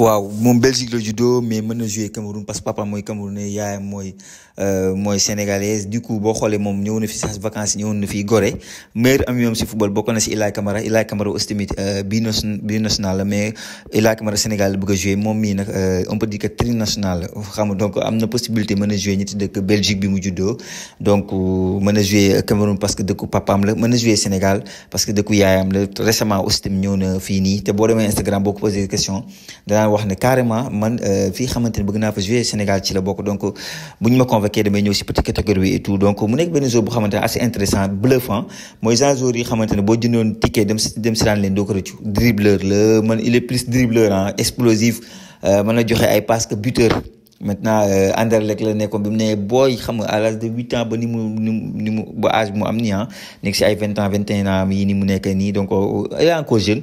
waaw moom Belgique la judo mais mën na jouer Cameroun parce que papa mooy Camerounais yaayam mooy euh, mooy sénégalaise du coup boo xoolee moom ñëw na fi sax vacances ñëwoon na fi Gorée meilleur ami moom si football bokk na si Ilaay Camara Ilaay Camara aussi tamit euh, bi national la mais Ilaay Camara Sénégal bëgg a jouer moom mii nag euh, on peut dire que tri national xam nga donc am na possibilité mën a jouer ñetti dëkk Belgique bi mu judo donc mën a jouer Cameroun parce que dëkku papaam la mën a jouer Sénégal parce que dëkku yaayam la récemment aussi tamit ñëw na fii nii te boo demee Instagram boo ko posé question danaa wax ne carrément man euh, fi xamante ne bëgg naa fa jouer Sénégal ci la bokk donc euh, buñ ma convoqué damay ñëw si petite catégorie et tout donc mu nekk benn jour bu xamante assez intéressant bluffant mooy genre jour yi xamante ne boo jëndoon ticket dem dem si daan leen doo ko rëccu dribbleur la man il est plus dribbleur ah explosif euh, mën na joxe ay passe que buteur maintenant Anderlecht la nekkoon bi mu ne booy xam nga à l'âge de huit ans ba ni mu ni ni mu ba âge bi mu am nii ah nekk si ay vingt ans vingt et un ans yi ni mu nekk nii donc il est encore jeune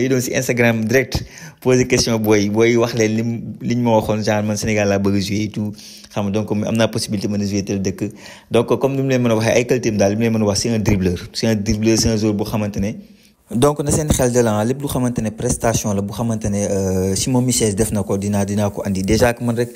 yi doon si Instagram direct poser question booy booy wax leen lim liñ ma waxoon genre man Sénégal laa bëgg jouer et tout xam nga donc am naa possibilité mën a jouer tel dëkk donc comme ni mu leen mën a waxee ay qualité daal li mu leen mën a wax c'est un dribbleur c'est un dribbleur c'est un joueur boo xamante ne donc na seen xel de lan lépp lu xamante ne prestation la bu xamante ne euh, Simon Michel def na ko dinaa dinaa ko andi que man rek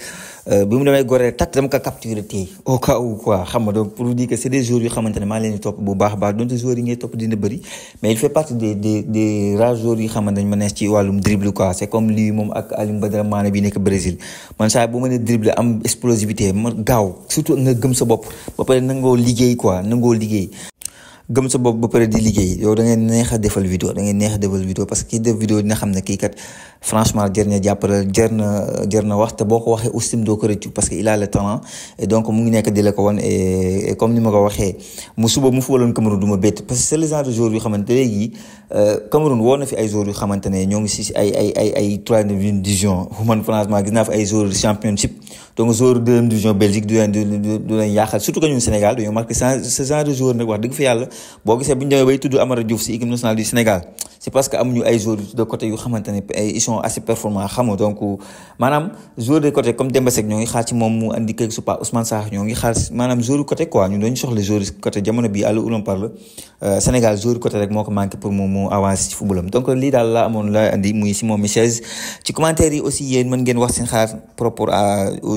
euh, bi mu demee Gorée tat dama ko capturer tey au cas ou quoi xam nga donc pour dire que c'est des joueurs yu xamante ne maa leen di topp bu baax a baax donte joueurs yi ngay topp dina bëri mais il fait partie des des des rares joueurs yu xamante ne ma nees ci wàllum dribble quoi c'est comme lii moom ak Aliou Badara Mané bi nekk Brésil man saa bu ma nee dribble am explosivité ma gaaw surtout nga gëm sa bopp ba pare nangoo liggéey quoi nangoo liggéey. gëm sa bopp ba pare di liggéey yow da ngay neex a defal vidéo da ngay neex a defal vidéo parce que kii def vidéo dina xam ne kii kat franchement jër na jàppale jër na jër na wax te boo ko waxee aussi doo ko rëccu parce que il a le talent et donc mu ngi nekk di la ko wan et comme ni ma ko waxee mu suba mu fubaloon Cameroun du ma bett parce que c' est le genre de jour yu xamante léegi Cameroun woo na fi ay joueurs yu xamante ne ñoo ngi si ay ay ay ay troisième division man franchement gis naa fi ay joueurs championship donc joueur deuxième division Belgique du leen du leen surtout que ñun Sénégal dañoo marqué ce genre de joueur nak wax dëgg fi yalla bo gisee bu ñu bay tuddu Amara Diouf ci équipe nationale du Sénégal c'est parce que amuñu ay joueurs de côté yu xamante ils sont assez performants xam donc manam joueur de côté comme Demba Seck ñoy xaar ci mom mu andi quelque soit Ousmane Sarr ñoy ngi xaar maanaam joueur côté quoi ñu dañu soxla joueur côté jamono bi à on parle euh, Sénégal joueur côté rek moko ko manqué pour mom mu avancer ci football donc li dal la amone la andi muy Simon Michel ci commentaire yi aussi yéen mën ngeen wax seen xaar propre à